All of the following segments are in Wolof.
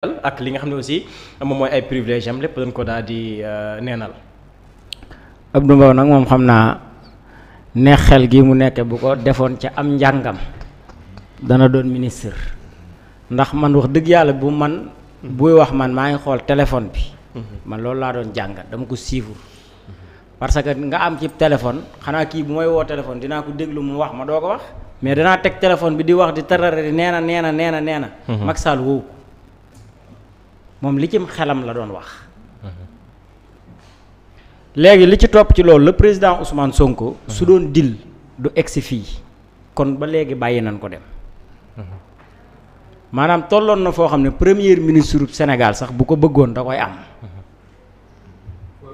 ak li nga xam ne aussi moom mooy ay privilège am lépp dañ ko daal di euh, neenal. Abdou Mbow nag moom xam naa neex xel gi mu nekk bu ko defoon ca am njàngam dana doon ministre ndax man wax dëgg yàlla bu man buy wax man maa ngi xool téléphone bi mhm. man loolu laa doon jàng dama ko suivre parce que nga am ci téléphone xanaa kii bu may woo téléphone dinaa ko déglu mu wax ma doo ko wax mais danaa teg téléphone bi di wax di tarare di neena neena neena neena mhm. Macky Sall woowu moom li cim xelam la doon wax léegi li ci topp ci loolu la président Ousmane Sonko su doon dil du egsi fii kon ba léegi bàyyi nañ ko dem maanaam tolloon na foo xam ne premier ministre Sénégal sax bu ko bëggoon da koy am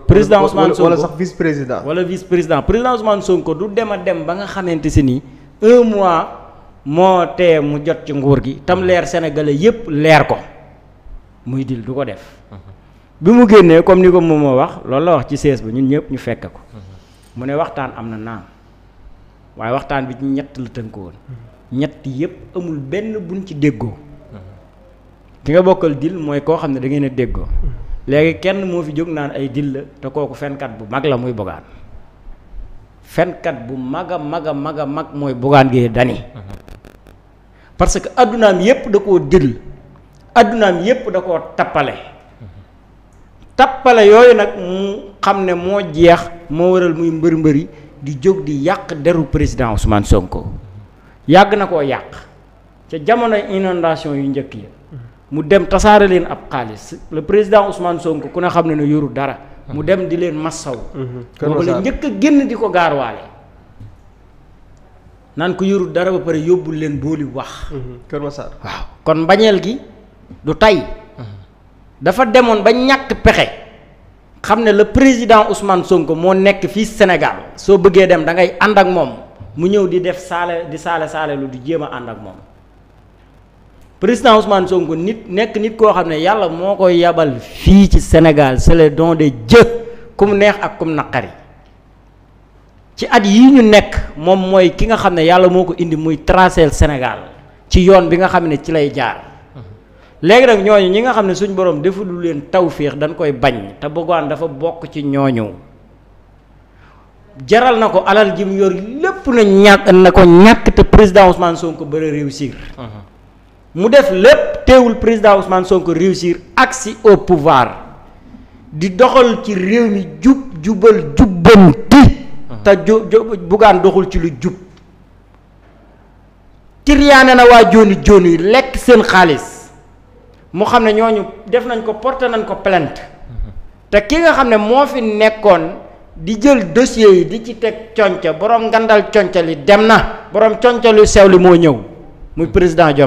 président Ousmane Sonko wala sax vice président wala vice président président Ousmane Sonko du dem a dem ba nga xamante si ni un mois moo tee mu jot ci nguur gi tam leer sénégalais yépp leer ko muy dil du ko def uh-huh. bi mu génnee comme ni ko moom moo wax loolu la wax ci sees ba ñun ñëpp ñu fekk ko uh-huh. mu ne waxtaan am na naam waaye waxtaan bi ci ñett la tënk woon uh-huh. ñett yëpp amul benn buñ ci déggoo ki nga bokkal dil mooy koo xam ne da ne a déggoo léegi kenn moo fi jóg naan ay dil la te kooku fenkat bu mag la muy bogaan fenkat bu mag a mag a mag a mag mooy bogaan gee dani parce que addunaam yëpp da koo dil addunaam yépp da koo tappale tappale yooyu nag mu xam ne moo jeex moo waral muy mbër mbëri di jóg di yàq deru président Ousmane Sonko yàgg na koo yàq ca jamono inondation yu njëkk yi mu dem tasaare leen ab xaalis la président Ousmane Sonko ku ne xam ne ne yoru dara mu dem di leen massaw mhm. boobu la njëkk génn di ko gaarwaale naan ko yorul dara ba pare yóbbul leen booli wax. Mhm. kon mbañeel gi. lu tey dafa demoon ba ñàkk pexe xam ne la président Ousmane Sonko moo nekk fii senegal soo bëggee dem dangay ànd ak moom mu ñëw di def saale di saale saale lu di jéem a ànd ak moom président Ousmane Sonko nit nekk nit koo xam ne yàlla moo koy yabal fii ci senegal c'est don de Dieu ku mu neex ak ku naqari ci at yi ñu nekk moom mooy ki nga xam ne yàlla moo ko indi muy tracer Sénégal ci yoon bi nga xam ne ci lay jaar. léegi nag ñooñu ñi nga xam ne suñ borom defu lu leen tawféex dañ koy bañ te bëggoon dafa bokk ci ñooñu jaral na ko alal ji mu yor lépp na ñàkk na ko ñàkk te président Ousmane Sonko bëri réussir. Mhm. mu def lépp teewul président Ousmane Sonko réussir agsi au pouvoir di doxal ci réew mi jub jubal jubbanti. Mhm. te ju buggaan doxul ci lu jub. tiriyaane na waa jooni jooni lekk seen xaalis. mu xam ne ñooñu def nañ ko porté nañ ko plainte te ki nga xam ne moo fi nekkoon di jël dossier yi di ci teg conca boroom ngandal conca li dem na boroom conca lu sew li moo ñëw muy président yi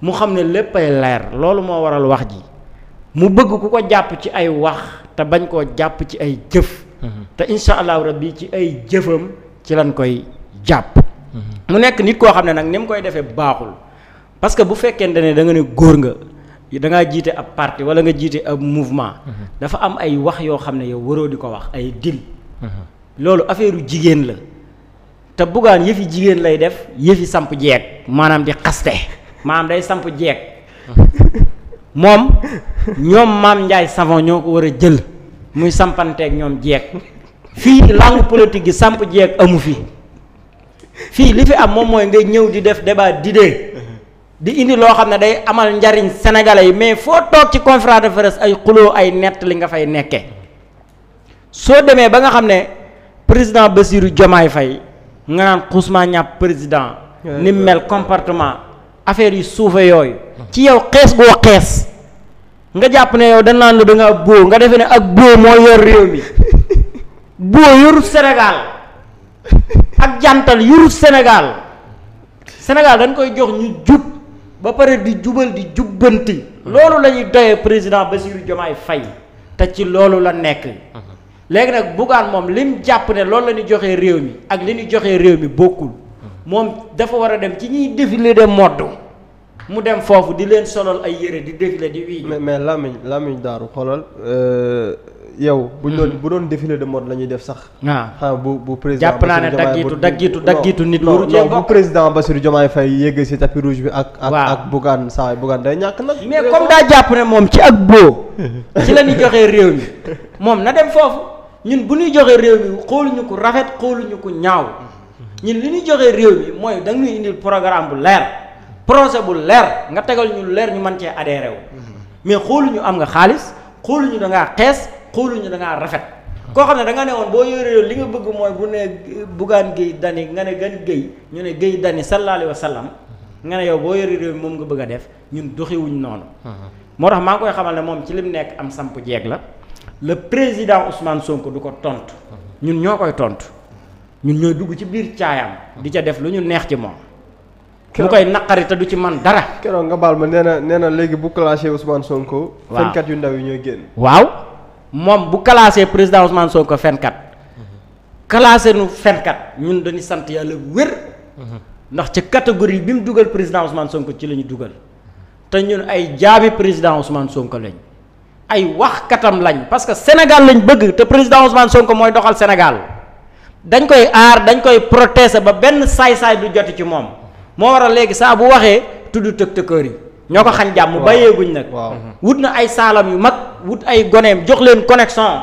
mu xam ne lépp ay leer loolu moo waral wax ji mu bëgg ku ko jàpp ci ay wax te bañ koo jàpp ci ay jëf mhm. te incha allahu rabbi ci ay jëfam ci lañ koy jàpp mhm. mu nekk nit koo xam ne nag ni mu koy defee baaxul parce que bu fekkente ne da ne góor nga da ngaa jiite ab parti wala nga jiite ab mouvement. Mhm. dafa am ay wax yoo xam ne yow waroo di ko wax ay dil mhm. loolu affaire jigéen la te buggaan yëfi jigéen lay def yëfi samp jeeg maanaam di xaste maanaam day samp jeeg mhm. moom ñoom maam Njaay Savon ñoo ko war a jël muy sampanteek ñoom jeeg fii langue politique gi samp jeeg amu fi fii li fi am moom mooy ngay ñëw di def débat d'idées di indi loo xam ne day amal njariñ sénégalais yi mais foo toog ci conférence de presse ay xuloo ay nett li nga fay nekkee soo demee ba nga xam ne président Bassirou Diomaye fay nga naan xusma président ni mel comportement affaire yu suufe yooyu ci yow xees goo xees nga jàpp ne yow dañ naan la da nga boo nga defee ne ak boo moo yor réew mi boo yoru Sénégal ak jantal yoru Sénégal Sénégal dañ koy jox ñu jub ba pare di jubal di jubbanti loolu la ñuy doyee président Bassirou Diomaye Faye te ci loolu la nekk léegi nag Bougane moom lim jàpp ne loolu la ñu joxee réew mi ak li ñu joxee réew mi bokkul moom dafa war a dem ci ñuy défilé de mode mu dem foofu di leen solal ay yére di défilé di wii mais mais làmmiñ Lamine Daaru xoolal euh, yow. buñ doon mhm. bu doon défilé de mode la ñuy def sax. waaw ah. ah, bu bu président. jàpp naa ne daggitu daggitu daggitu nit. lu cee bu président Bassirou Diomaye Faye yéeg si tapis rouge bi ak. ak ak Bougane saa Bougane day ñàkk nag. mais comme daa jàpp ne moom ci ak boo. ci la joxee réew mi moom na dem foofu ñun bu ñuy joxee réew mi xooluñu ko rafet xooluñu ko ñaaw ñun li ñuy joxee réew mi mooy da nga ñuy indil programme bu leer projet bu leer nga tegal ñu leer ñu man cee adhéré wu. Mhm. mais xooluñu da ngaa rafet. koo xam ne da nga ne woon boo yoree li nga bëgg mooy bu ne Bougane Gueye Dany nga ne gan ñu ne Gueye Dany sallallahu alayhi wa sallam nga ne yow boo yoree réew moom nga bëgg a def ñun doxewuñu noonu. moo tax maa ngi koy xamal ne moom ci lim nekk am samp jeeg la le président Ousmane Sonko du ko tontu. ñun ñoo koy tontu. ñun ñooy dugg ci biir caayam. di ca def lu ñu neex ci moom. mu koy naqari te du ci man dara. keroog nga baal ma nee na nee na léegi bu clashé Ousmane Sonko. waaw fenkat yu ndaw yi ñooy génn. moom bu classé président Ousmane Sonko fenkat classé nu fenkat ñun dañuy sant yàlla wér ndax ci catégorie bi mu dugal président Ousmane Sonko ci la ñu dugal te ñun ay jaabi président Ousmane Sonko lañ ay wax katam lañ parce que Sénégal lañ bëgg te président Ousmane Sonko mooy doxal Sénégal dañ koy aar dañ koy protéger ba benn saay-saay du joti ci moom moo waral léegi saa bu waxee tudd tëk tëkkër yi ñoo ko xañ jàmm bàyyeeguñ nag wut na ay saalam yu mag wut ay goneem jox leen connexion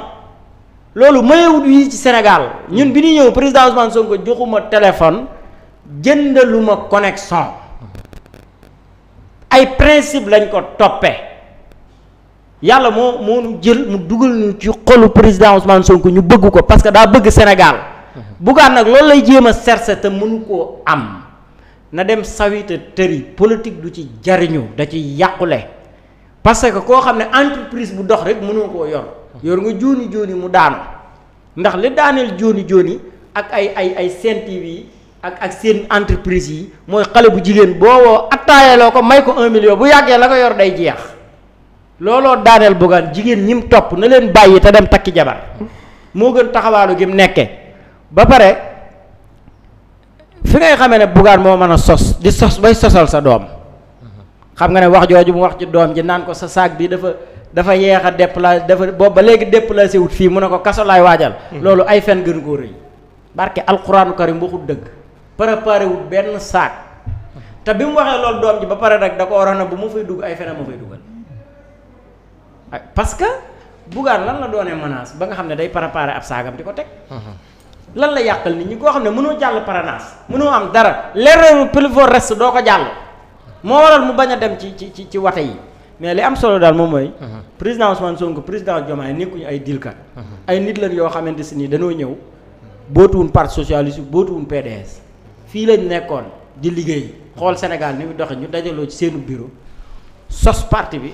loolu mayewut yi ci Sénégal ñun mm. bi ñuy ñëw président Ousmane Sonko joxuma téléphone jëndaluma connexion ay principe lañ ko toppe yàlla moo moo nu jël mu dugal ñu ci xolu président Ousmane Sonko ñu bëgg ko parce que daa bëgg Sénégal mm-hmm. Bougane nag loolu lay jéem a chercher te mënu koo am na dem sawita tëri politique du ci jariñu da ci yàqule parce que koo xam ne entreprise bu dox rek mënoo koo yor yor nga jooni jooni mu daanu ndax li daaneel jooni jooni ak ay ay ay Sen yi ak ak seen entreprise yi mooy xale bu jigéen boo woo attaayaloo ko may ko un million bu yàggee la ko yor day jeex looloo daaneel buggaan jigéen ñi mu topp na leen bàyyi te dem takki jabar moo gën taxawaalu gi mu nekke fi ngay xamee ne bugaan moo mën a sos di sos bay sosal sa doom xam nga ne wax jooju mu wax ci doom ji naan ko sa saak bi dafa dafa yeex a déplacé dafa boobu ba léegi déplacé wut fii mu ne ko kasolaay waajal. Hmm. loolu ay fen gën koo rëy. barke alxuraanu karim waxut dëgg. préparé wut benn saag. te bi mu waxee loolu doom ji ba pare rek da ko waroon na bu mu fay dugg ay feneen mu fay dugal. parce que bugaan lan la doonee menace ba nga xam ne day préparé ab saagam di ko teg. Hmm. lan la yàqal nit ñi koo xam ne mënoo jàll paranaas mënoo am dara leer plus fort doo ko jàll moo waral mu bañ a dem ci ci ci wate yi mais li am solo daal moom mooy uh-huh. président Ousmane Sonko président Diomaye nekkuñu ay dilkat uh-huh. ay nit lañ yoo xamante si nii dañoo ñëw bootuwuñ parti socialiste bootuwuñ PDS fii lañ nekkoon di liggéey xool Sénégal ni mu doxe ñu dajaloo ci seenu bureau sos parti bi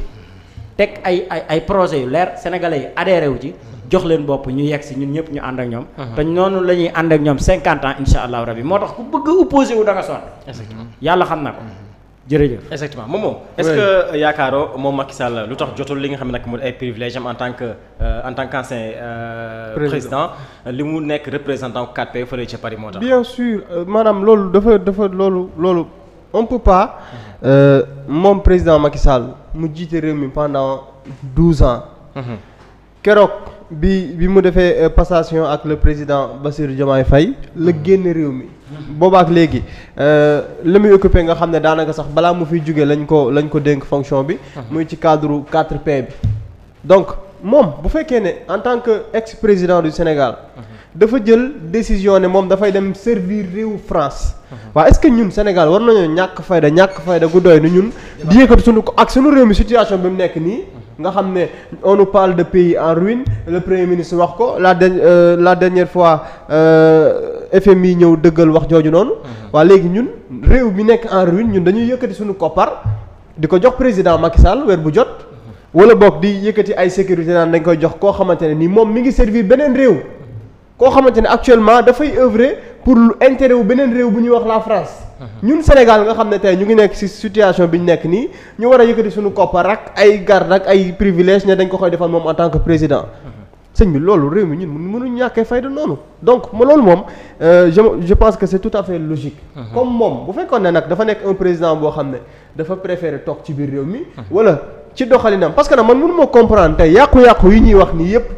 teg ay ay ay projets yu leer sénégalais yi adhéré wu ci jox leen bopp ñu yegg si ñun ñëpp ñu ànd ak ñoom. Uh-huh. te noonu lañuy ànd ak ñoom 50 ans allah allahu rabi moo tax ku bëgg a opposé wu da nga exactement mm-hmm. yàlla xam na ko. Mm-hmm. jërëjëf exactement moom moom. est-ce que euh, yaakaaroo moom Macky Sall lu tax jotul li nga xam ne nag mu ay privilège am en tant que euh, en tant qu'ancien euh, président li mu nekk représentant 4P fële ca Paris moo tax. bien sûr maanaam loolu dafa dafa loolu loolu on peut pas mm-hmm. moom président Macky Sall. mu jiite réew mi pendant douze ans. Mhm. keroog bi bi mu defee euh, passation ak le président Bassirou Diomaye fay la mhm. génne réew mi. boobaak léegi euh, la muy occupé nga xam ne daanaka sax balaa mu fi jóge lañ ko lañ ko dénk fonction bi. Mhm. muy ci cadre quatre p bi. donc moom bu fekkee ne en tant que ex président du Sénégal. dafa jël décision ne moom dafay dem servir réew France. waa est-ce que ñun Sénégal war nañoo ñàkk fayda ñàkk fayda gu doy nu ñun. di yëkkati suñu ko ak suñu réew mi situation bi mu nekk nii. nga xam ne on nous parle de pays en ruine le premier ministre wax ko la de euh, la dernière fois euh, FMI ñëw dëggal wax jooju noonu. waa léegi ñun réew mi nekk en ruine ñun dañuy yëkkati suñu koppar di ko jox président Macky Sall weer bu jot. wala boog di yëkkati ay sécurité dañ koy jox koo xamante ne ni moom mi ngi servir beneen réew. koo xamante ni actuellement dafay euvre pour lu intérêt wu beneen réew bu ñuy wax la France. Mhm. ñun Sénégal nga xam ne tey ñu ngi nekk si situation bi ñu nekk nii ñu war a yëkkati suñu koppar ak ay garde ak ay privilège ne dañ ko koy defal moom en tant que président. Mhm. sëñ bi loolu réew mi ñun mënuñu ñàkkee fayda noonu donc ma loolu moom euh, je je pense que c'est tout à fait logique. Mhm. comme moom bu fekkoon ne nag dafa nekk un président boo xam ne dafa préférer toog ci réew mi. wala ci doxalinam parce que nag man mënu ma comprendre tey yàqu-yàqu yi ñuy wax nii yépp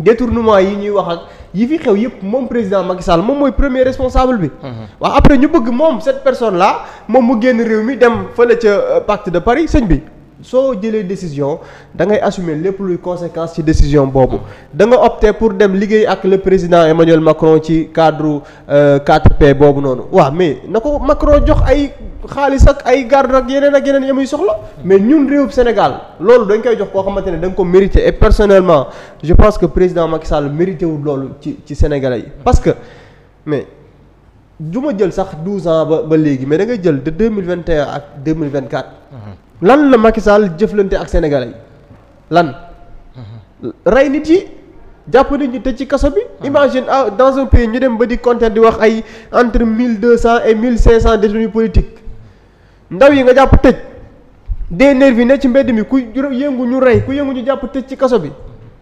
détournement yi ñuy wax ak yi fi xew yëpp moom président Macky Sall moom mooy premier responsable bi. Mhm. waa après ñu bëgg moom cette personne là moom mu génn réew mi dem fële ca euh, pacte de Paris sëñ bi soo jëlee décision da ngay assumer lépp luy conséquence ci décision boobu mhm. da nga opté pour dem liggéey ak le président Emmanuel Macron ci cadre 4P euh, boobu noonu waaw mais na ko Macron jox ay. xaalis ak ay garde ak yeneen ak yeneen ya muy soxla mais ñun réewum Sénégal loolu dañ koy jox koo xamante ne da nga ko mérité et personnellement je pense que président Macky Sall mérité loolu ci ci Sénégalais yi parce mais du ma jël sax douze ans ba ba léegi mais da ngay jël de deux mille vingt et ak deux mille vingt quatre mhm. lan la Macky Sall jëflante ak Sénégalais yi lan mhm. rey nit yi jàpp nit ñi te ci kaso bi. Mhm. imagine ah dans un ñu dem ba di compter di wax ay entre mille deux cent et mille cinq cent détenus politiques. ndaw yi nga jàpp tëj dee nervi ne ci mbedd mi ku jur yëngu ñu rey ku yëngu ñu jàpp tëj ci kaso bi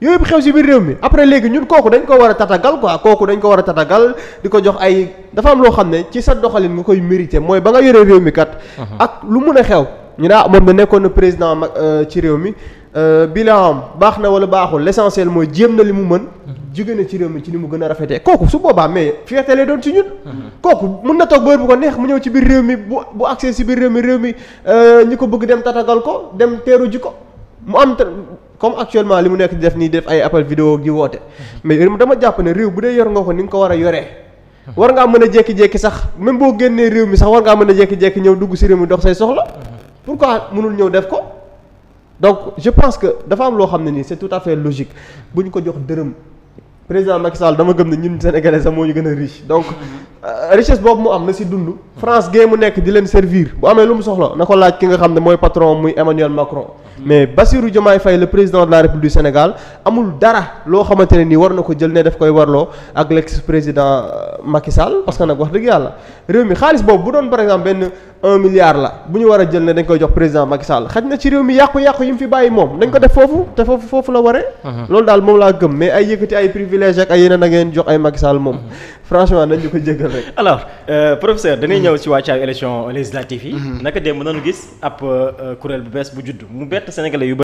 yooyu bi xew si biir réew mi après léegi ñun kooku dañ ko war a tatagal quoi kooku dañ ko war a tatagal di ko jox ay dafa am loo xam ne ci sa doxalin nga koy mérité mooy ba nga yoree réew mi kat. ak lu mun a xew ñu ne ah moom mi nekkoon na président euh, ci réew mi. Euh, bilan am baax na wala baaxul l'essentiel mooy jéem na li mu mën mhm. jóge na ci réew mi ci ni mu gën a rafetee kooku su boobaa mais fierté lay doon ci ñun mhm. kooku mun na toog bër bu ko neex mu ñëw ci biir réew mi bu bu accès ci biir réew mi réew mi euh, ñi ko bëgg dem tatagal ko dem teeru ji ko mu am comme actuellement li mu nekk di def nii def ay appel vidéo gi woote mhm. mais dama jàpp ne réew bu dee yor nga ko ni nga ko war a yore war ngaa mën a jékki-jékki sax même boo génnee réew mi sax war ngaa a jékki-jékki ñëw dugg ci réew mi dox say soxla pourquoi mënul ñëw def ko donc je pense que dafa am loo xam ne nii c'est tout à fait logique bu ñu ko jox dërëm président Macky Sall dama gëm ne ñun sénégalais sax moo ñu gën a riche donc euh, richesse boobu mu am na si dund France gée mu nekk di leen servir bu amee lu mu soxla na ko laaj ki nga xam ne mooy patron muy Emmanuel Macron mais Bassirou Diomaye fay le président de la République du Sénégal amul dara loo xamante ne nii war na ko jël ne daf koy warloo ak l'ex président euh, Macky Sall parce que nag wax dëgg yàlla réew mi xaalis boobu bu doon par exemple benn un milliard la bu ñu war a jël ne dañ koy jox président Macky Sall xaj na ci réew mi yàqu-yàqu yi mu fi bàyyi moom dañ ko def foofu te foofu foofu la waree. Mhm. loolu daal moom laa gëm mais ay yëkkati ay privilèges ak ay yeneen a ngeen jox ay Macky Sall franchement nañ ñu ko jéggal rek. alors euh, professeur ñëw ci wàccaayu élection législative yi. Mhm. naka démb noonu gis ab euh, kuréel bu bees bu judd mu bett sénégalais yu